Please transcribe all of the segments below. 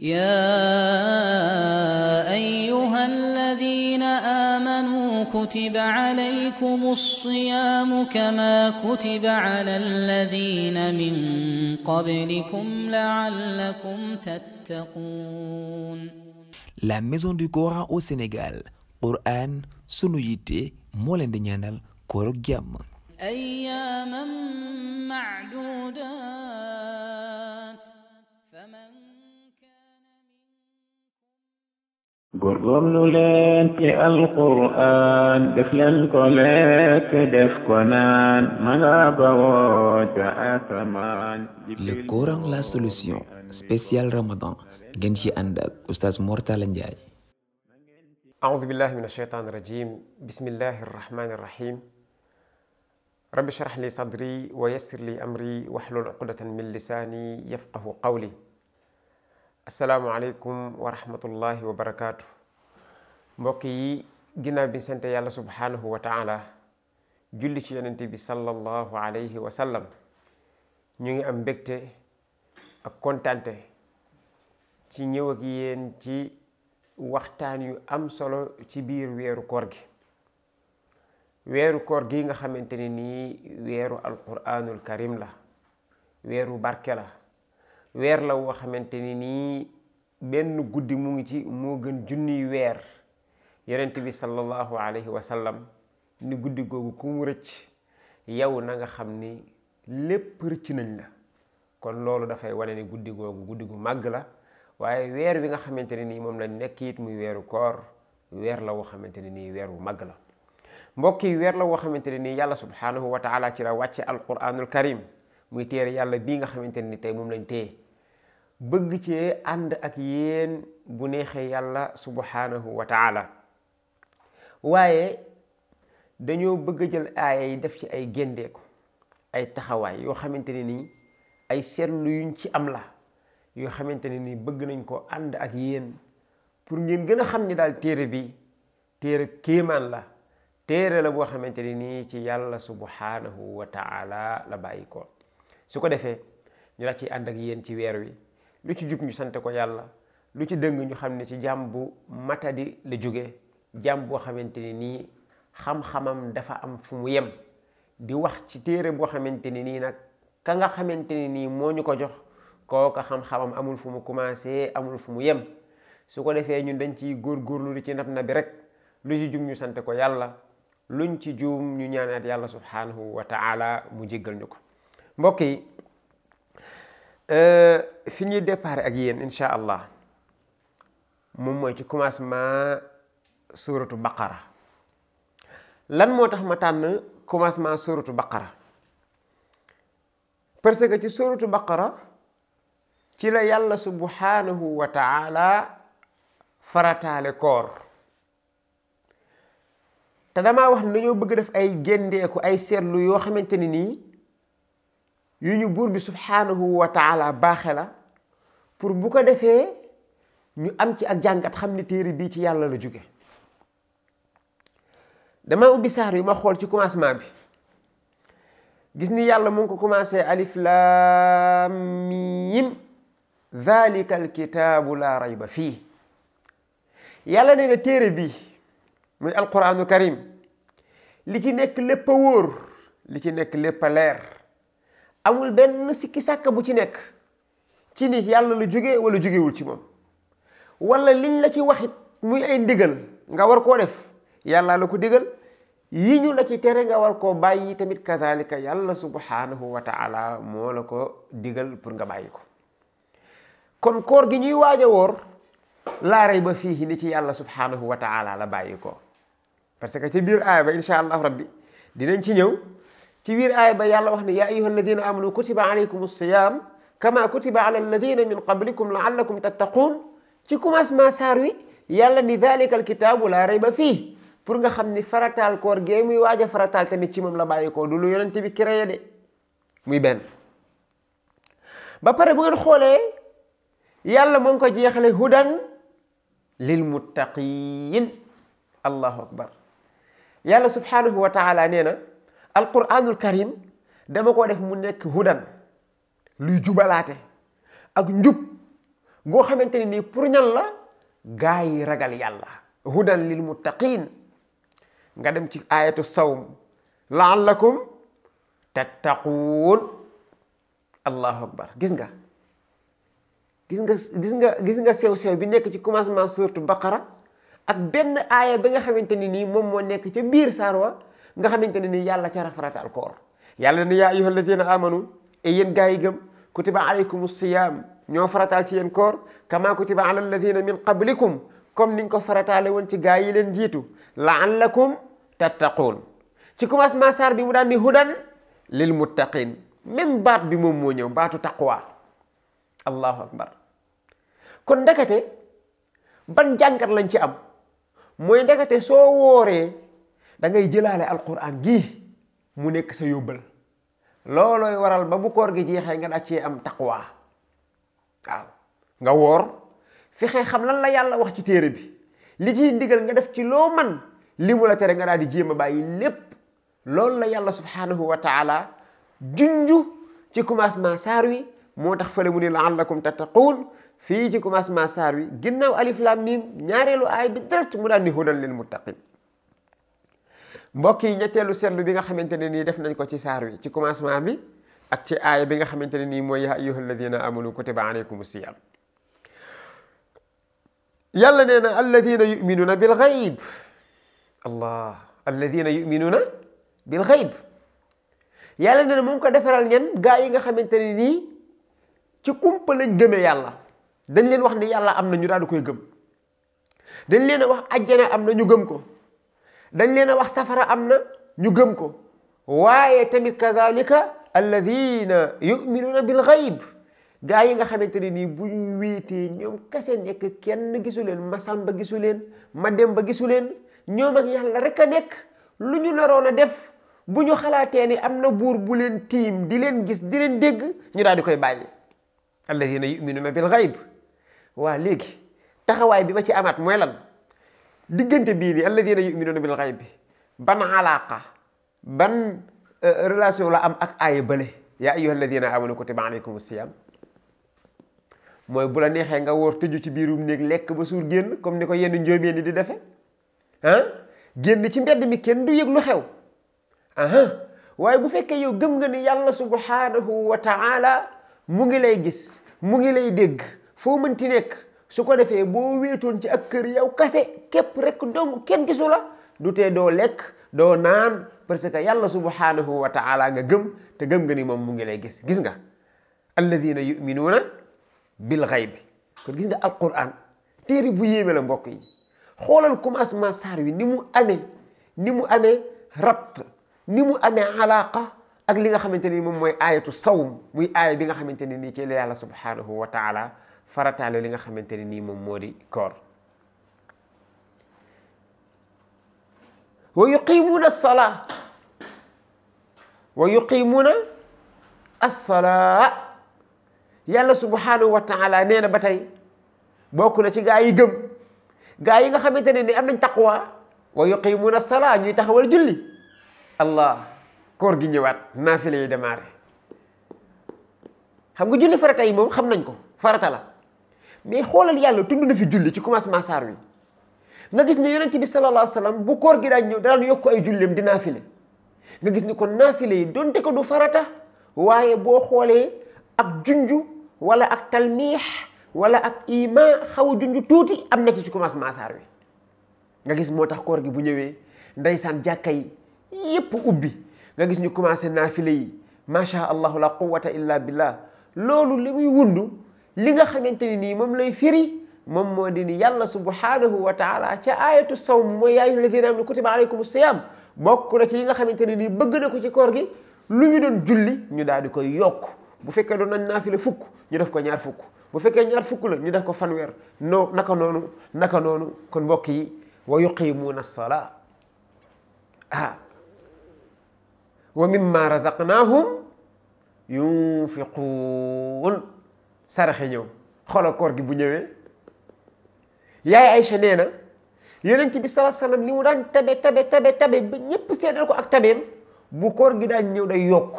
يا ايها الذين امنوا كتب عليكم الصيام كما كتب على الذين من قبلكم لعلكم تتقون La Maison du Coran au Sénégal Coran, sunu yitte moo leen di ñaanal jàmm أياما معدودات قرقم نولان في القرآن دفل القلاك دف قنان مغا بواد وآثمان لكورن لا سلوسيون سبيسيال رمضان جنشي عندك أستاذ مورتا لنجاي أعوذ بالله من الشيطان الرجيم بسم الله الرحمن الرحيم رب اشرح لي صدري ويسر لي أمري واحلل عقدة من لساني يفقه قولي asalaamualeykum wa rahmatullahi wa barakaatu mbokk yi ginnaaw bi sante yàlla subhaanahu wa taala julli ci yonente bi sallallahu alayhi wa sallam ñu ngi am mbégte ak kontante ci ñëw ak yéen ci waxtaan yu am solo ci biir weeru koor gi weeru koor gi nga xamante ne nii weeru alquraanul karim la weeru barke la weer la woo xamante ni nii benn guddi mu ngi ci moo gën junni weer yonent bi sallallahu alayhi wa sallam ni guddi googu ku mu rëcc yow na nga xam ni lépp rëcc nañ la kon loolu dafay wane ni guddi googu guddi gu màgg la waaye weer wi nga xamante ne nii moom la nekk it muy weeru koor weer la woo xamante ni nii weer wu màgg la mbokk yi weer la woo xamante ne nii yàlla subhanahu wa taala ci la wàcce alquranul karim muy téere yàlla bii nga xamante ni tey moom lañ téye bëgg ci ànd ak yéen bu neexee yàlla subhanahu wa taala waaye dañoo bëgg jël aaya yi def ci ay géndeeku ay taxawaay yoo xamante ne nii ay seetlu yuñ ci am la yoo xamante ne nii bëgg nañ ko ànd ak yéen pour ngeen gën a xam ni daal téere bi téere kéemaan la téere la boo xamante ne nii ci yàlla subhanahu wa taala la bàyyi ko su ko defee ñu la ci ànd ak yéen ci weer wi lu ci jub ñu sant ko yàlla lu ci dëng ñu xam ne ci jàmm bu di la jóge jàmm boo ni nii xam-xamam dafa am fu mu yem di wax ci téere boo xamante ni nii nag ka nga xamante ni nii moo ñu ko jox kooka xam-xamam amul fu mu commencé amul fu mu yem su ko defee ñun dañ ciy góorgóorlu lu ci nab na bi rek lu ci jub ñu sant ko yàlla luñ ci juum ñu ñaanaat yàlla subhanahu wa taala mu jéggal ñu mbokk yi euh, fi ñuy départ ak yéen incha allah moom mooy ci commencement suuratu baqara lan moo tax ma tànn commencement suuratu baqara parce que ci suuratu baqara ci la yàlla subhanahu wa taala farataale koor te dama wax ne dañoo bëgg def ay géndeeku ay seetlu yoo xamante ni nii yu ñu buur bi subhaanahu wa taala baaxe pour bu ko defé ñu am ci ak jàngat xamni téré bi ci yàlla la juggé dama ubi saar yu ma xol ci commencement bi gis ni yàlla mu ko commencé alif lam mim ذلك الكتاب لا ريب فيه yàlla nee na téere bi muy alquraanu karim li ci nekk lépp a wóor li ci nekk lépp leer amul benn sikki sàkka bu ci nekk ci ni yàlla la jóge wala jógewul ci moom walla liñ la ci waxit muy ay ndigal nga war koo def yàlla la ko digal yi ñu la ci tere nga war koo bàyyi tamit kazalika yàlla subhanahu wa taala moo la ko digal pour nga bàyyi ko kon koor gi ñuy waaj a woor laa rayba fiihi ni ci yàlla subhanahu wa taala la bàyyi ko parce que ci biir aaya ba incha allah rabbi dinañ ci ñëw ci biir aaya ba yàlla wax ne yaa ayyuha alladina amanu kutiba alaykum alsiyam kama kutiba ala alladina min qablikum laallakum tattaquun ci commencement saar wi yàlla ni dalika alkitaabu laa rayba fii pour nga xam ni farataal koor gee muy waaj a farataal tamit ci moom la bàyyi ko du lu yonent bi créé de muy benn ba pare bu ngeen xoolee yàlla moo ngi ko jeexale hudan lil muttaqiin allahu akbar yàlla subhanahu wa taala nee na alquranul karim dama ko def mu nekk hudan luy jubalaate ak njub goo xamante ne nii pour ñan la gaa yi ragal yàlla hudan lil muttaqin nga dem ci ayatu sawm laallakum tattaquun allahu akbar gis nga gis nga gis nga gis nga sew-sew bi nekk ci commencement surtout baqara ak benn aaya bi nga xamante ni nii moom moo nekk ci biir saar wa nga xamante ne ni yàlla ca rafaratal koor yàlla ne yaa ayyuha alladina amanu e yéen gaa yi gëm kutiba alaykum siyam ñoo farataal ci yéen koor kama kutiba ala alladina min qablikum comme niñ ko farataale woon ci gaa yi leen jiitu laallakum tattaquun ci commencement saar bi mu daan ni hudan lil muttaqin même baat bi moom moo ñëw baatu taqwa allahu akbar kon ndekete ban jàngat lañ ci am mooy ndekete soo wooree da ngay jëlale alquran gi mu nek sa loloy waral ba bu koor gi jeexee nga daa am taqwa waw nga woor fexe xam lan la yalla wax ci téere bi li ci ndigal nga def ci lo man li la tere nga daal di jéem a bàyyi la yalla subhanahu wa taala junju ci commencement saar wi motax fele fële mu ne laallakum ci commencement wi ginnaw alif lam mim ñaarelu ay bi direct mu dal ni hudal lil muttaqin mbokk yi ñetteelu seetlu bi nga xamante ne nii def nañ ko ci saar wi ci commencement bi ak ci aaya bi nga xamante ne nii mooy yaa ayyuhal ladina amanu kutiba aleykum siyam yàlla nee na alladina yuminuuna bil xayb allah alladina yuminuuna bil xayb yàlla nee na mu ngi ko defaral ñen gaa yi nga xamante ne nii ci kumpa lañ gëmee yàlla dañ leen wax ni yàlla am na ñu daal di koy gëm dañ leen a wax ajjana am na ñu gëm ko dañ leen a wax safara am na ñu gëm ko waaye tamit kazalika alladina yuminuuna bil gayb gaa yi nga xamante ne nii bu ñu wéetee ñoom kese nekk kenn gisu leen ma sàmba gisu leen ma dem ba gisu leen ñoom ak yàlla rek a nekk lu ñu naroon a def bu ñu xalaatee ni am na buur bu leen tiim di leen gis di leen dégg ñu daal di koy bàyyi alladina yuminuuna bil gayb waa léegi taxawaay bi ma ci amaat mooy lan diggante bii nii alladina yuminuuna bil xayb bi ban alaaqa ban euh, relation la am ak aaya bële yaa ayyuha alladina amanu kutiba alaykum siyam mooy bu la neexee nga woor tëju ci biirum néeg lekk ba suur génn comme ni ko yenn njóobeen yi di defe ah génn ci mbedd mi kenn du yëg lu xew ah, ah. waaye bu fekkee yow gëm nga ni yàlla subhanahu wa taala mu ngi lay gis mu ngi lay dégg foo mënti nekk su ko defee boo wéetoon ci ak kër yow kase képp rekk dong kenn gisu la du te doo lekk doo naan parce que yàlla subhanahu wa taala nga gëm te gëm nga ni moom mu ngi lay gis gis nga alladina yuminuuna bil xayb kon gis nga alquran téere bu yéeme la mbokk yi xoolal commencement saar wi ni mu amee ni mu amee rabt ni mu amee alaqa ak li nga xamante ni moom mooy ayatu sawm muy aaya bi nga xamante ne nii ci la yàlla subhanahu wa taala farataale li nga xamanteni ni mom modi kor wa yuqimuna as-salat wa yuqimuna as-salat yalla subhanahu wa taala neena na bokku na ci gaay yi gem gaay yi nga xamanteni ne ni am nañ taqwa wa as-salat ñuy taxawal julli allah kor gi ñewat naafile yi démarré xam nga julli farata yi mom xam nañ ko farata la mais xoolal yàlla tudd na fi julli ci commencement saar wi nga gis ne yonent bi sallallahu alayhi wa sallam bu koor gi daan ñëw daan yokk ay julleem di naafile nga gis ni kon naafile yi donte ko du farata waaye boo xoolee ak junju wala ak talmiix wala ak ima xaw a junju tuuti am na ci ci commencement saar wi nga gis moo tax koor gi bu ñëwee ndeysaan jàkka yi yépp ubbi nga gis ñu commencé naafile yi macha allahu la quwata illa billah loolu li muy wundu li nga xamante ni nii moom lay firi moom moo di ni yàlla subhanahu wa taala ca ayatu sawm mooy yaa ayyuha alladina amanu kutiba alaykum siyam bokk na ci yi nga xamante ne nii bëgg na ko ci koor gi lu ñu doon julli ñu daal di koy yokk bu fekkee doon nañ naafile fukk ñu def ko ñaar fukk bu fekkee ñaar fukk la ñu def ko weer noo naka noonu naka noonu kon mbokk yi wa yuqimuuna as-salaa ah wa mimma razaqnaahum yunfiquun saraxé ñew xolo koor gi bu ñewé yaay Aïcha néna na yonent bi salaa salaam li mu daan tabe tabe tabe tabe ba ñepp sédal ko ak tabé bu koor gi daan ñew day yok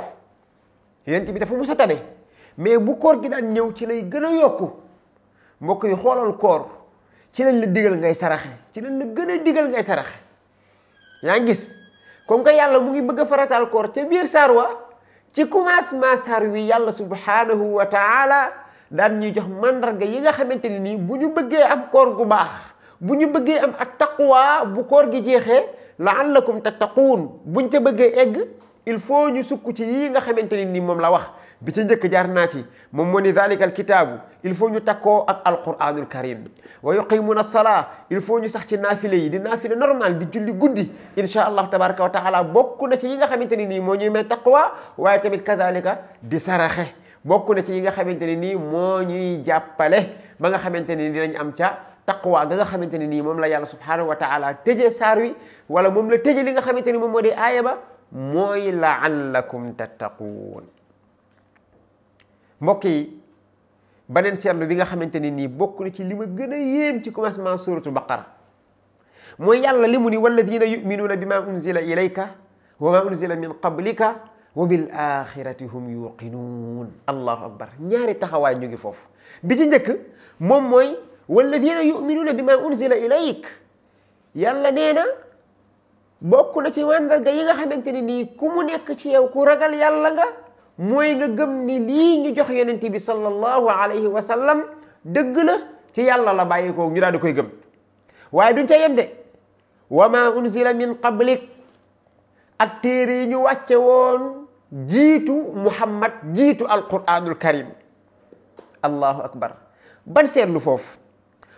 yonent bi dafa musa tabe mais bu koor gi daan ñew ci lay gëna yok yokku mbokk yi xolal koor ci lañ la digal ngay saraxé ci lañ la gëna a digal ngay saraxé yaa ngi gis comme que yalla mu ngi bëgg faratal koor ci bir sarwa ci commencement wi subhanahu wa taala daan ñu jox mandarga yi nga xamanteni ni bu ñu bëggee am koor gu baax bu ñu bëggee am ak taqwa bu koor gi jeexee laallakum tattaquun buñ ca bëggee egg il faut ñu sukk ci yi nga xamanteni ni nii moom la wax bi ci njëkk jaar naa ci moom moo ni dalika alkitaabu il faut ñu takkoo ak alquranul karim wa yuqimuna salaa il faut ñu sax ci naafile yi di naafile normal di julli guddi insha allahu tabaraka wa taala bokk na ci yi nga xamanteni ni nii moo ñuy may taqwa waaye tamit kazalika di saraxe bokku na ci yi nga xamante ne nii moo ñuy jàppale ba nga xamante ne nii dinañ am ca taqwa ga nga xamante ne nii moom la yàlla subhanahu wa taala tëjee saar wala moom la tëjee li nga xamante ni moom moo di aaya ba mooy laallakum tattaquun mbokk yi beneen seetlu bi nga xamante ne nii bokk na ci li ma gën a ci commencement suratul baqara mooy yàlla li mu ni walladina yuminuuna bi ma unzila ilayka wa ma unzila min qablika wa bil axirati hum yuqinuun allahu akbar ñaari taxawaay ñu ngi foofu bi ci njëkk moom mooy walladina yuminuuna bi ma unzila ilayk yàlla nee na bokk na ci wàndarga yi nga xamante ni nii ku nekk ci yow ku ragal yàlla nga mooy nga gëm ni lii ñu jox yonente tibi sallallahu alayhi wa sallam dëgg la ci yàlla la bàyyi ko ñu daal koy gëm waaye duñ ca yem wa ma unzila min qablik ak téere yi ñu woon jiitu muhammad jiitu alquranul karim allahu akbar ban seetlu foofu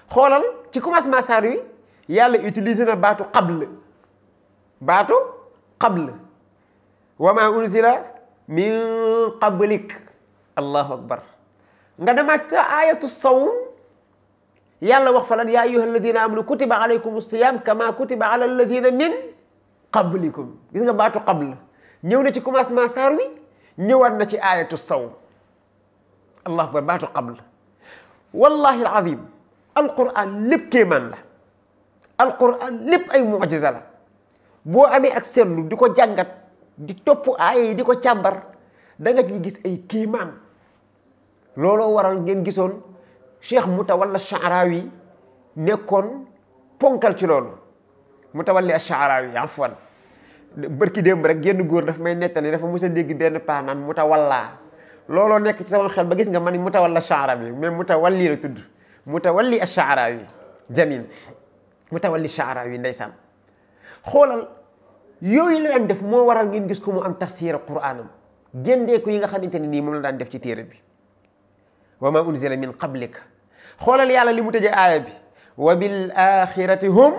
xoolal ci commencement saar wi yàlla utilisé na baatu qabl baatu qabl wa ma unzila min qablik allahu akbar nga demaat ca ayatu sawm yàlla wax falan ya ayyuha alladina amanu kutiba alaykum siyam kama kutiba ala alladina min qablikum gis nga baatu qabl ñëw na ci commencement saar wi ñëwaat na ci aayatu sawm allahu ba baatu qabl wallahi alazim alquran lépp kéemaan la alquran lépp ay mucjisa la boo amee ak seetlu di ko jàngat di topp aaya yi di ko càmbar da nga ci gis ay kéemaan looloo waral ngeen gisoon cheikh Mutawalla Sha'rawi nekkoon ponkal ci loolu Mutawalli Sha'rawi afwan bërki démb rek génn góor daf may nettali dafa mos a dégg benn paa naan mu ta wallaa looloo nekk ci sama xel ba gis nga man mu ta walla chaara bi mais mu ta walli la tudd mu ta walli a chaara yi jamil mu ta walli chaara yi ndeysaan xoolal yooyu la daan def moo waral ngeen gis ko mu am tafsir quraanam géndeeku yi nga xamante ne nii moom la daan def ci téere bi wa ma unzila min qablik xoolal yàlla li mu tëjee aaya bi wa bil axirati hum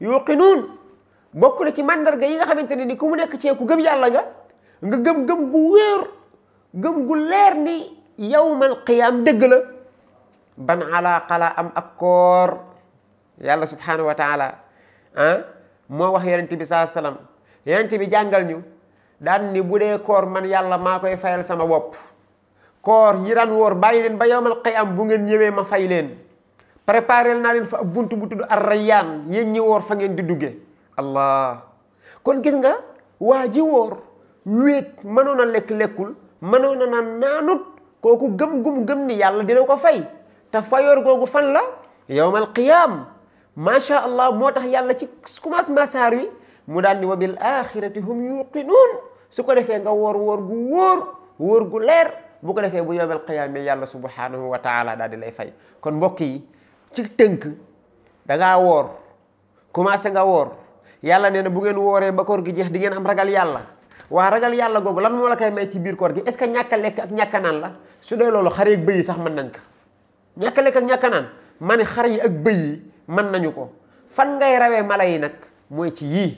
yuqinuun bokku na ci mandarga yi nga xamanteni ni ku mu nek ci ku gëm yalla nga nga gëm gëm gu gëm gu leer ni yawmal qiyam deug la ban ala qala am akor yalla subhanahu wa ta'ala ah, mo wax yaronte bi sallallahu alayhi wasallam bi jangal ñu dan ni de koor man yalla ma koy fayal sama bop koor yi dan wor bayyi len ba yawmal qiyam bu ngeen ñewé ma fay leen préparer na leen fa buntu bu tuddu ar-rayyan yeen ñi wor fa ngeen di duggé allah kon gis nga waji wor wet manona lek lekul manona nan nanut koku gem gum gem ni yalla dina ko fay ta fayor gogu fan la yawmal qiyam Masha allah motax yalla yàlla ci commencement saar wi mu dal ni wabil akhirati axirati hum yuqinuun su ko defee nga wor wor gu wor wor gu leer bu ko defee bu yawmal qiyaamee yàlla subhanahu wa taala dal di lay fay kon mbokki ci teunk da nga wor commencé nga wor yàlla nee na bu ngeen wooree ba koor gi jeex di ngeen am ragal yàlla waa ragal yàlla googu lan moo la koy may ci biir koor gi est ce que ñàkk a lekk ak ñàkk naan la su dee loolu xar yi ak bëy man nañ ko ñàkk lekk ñàkk naan ma ne xar yi ak bëy yi nañu ko fan ngay rawee mala yi nag mooy ci yii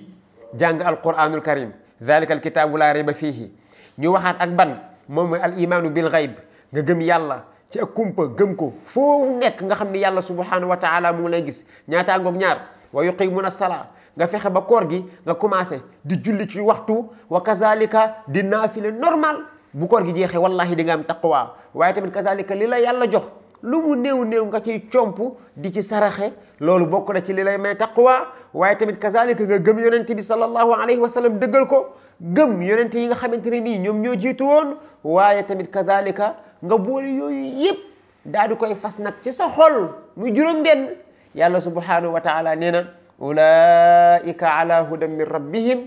jàng alquranul karim dalika alkitaabu laa rayba fiihi ñu waxaat ak ban moom mooy al imaanu bil gayb nga gëm yàlla ci ak kumpa gëm ko foofu nekk nga xam ni yàlla subhanahu wa taala mu ngi lay gis ñaataangoog ñaar wa yuqimuna nga fexe ba koor gi nga commencé di julli ci waxtu wa kazalika di naafile normal bu koor gi jeexee wallahi di nga am taqwa waaye tamit kazalika li la yàlla jox lu mu néew néew nga ciy comp di ci saraxe loolu bokk na ci li lay may taqwa waaye tamit kazalika nga gëm yonente bi sallallahu alayhi wa sallam dëggal ko gëm yonente yi nga xamante ne nii ñoom ñoo jiitu woon waaye tamit kazalika nga boole yooyu yëpp daal di koy fas nag ci sa xol muy juróom-benn yàlla subhanahu wa taala nee na ulaika ala hudan min rabbihim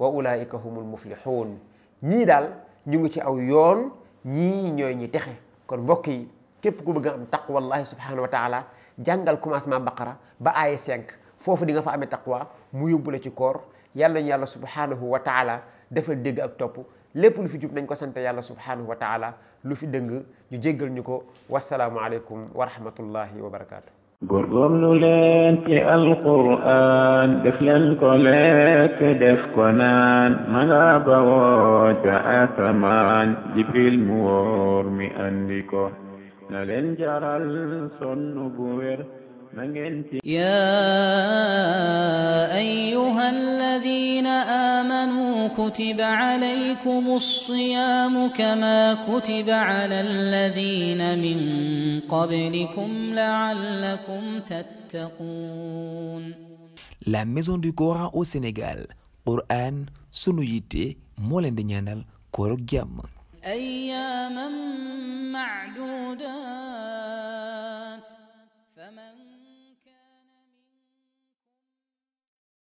wa ulaika humul muflihun ñii daal ñu ngi ci aw yoon ñii ñooy ñi texe kon mbokk yi képp ku bëgg a am taqwallahi subhanahu wa taala jàngal commencement baqara ba aaye 5 foofu di nga fa amee taqwa mu yóbbu la ci koor yàlla ñu yàlla subhanahu wa taala defal dégg ak topp lépp lu fi jub nañ ko sant yàlla subhanahu wa taala lu fi dëng ñu jéggal ñu ko wasalaamu aleykum wa rahmatullahi wa barakaatu. قرقم نولان في القرآن دفل القلاك دف قنان من عبوات آثمان دف المور مئنكو نلن جرال صن بوير يا أي كتب عليكم الصيام كما كتب على الذين من قبلكم لعلكم تتقون La Maison du Coran au Sénégal, Coran, Sunuyité, Molendignanal, Korogiam. أياما معدودات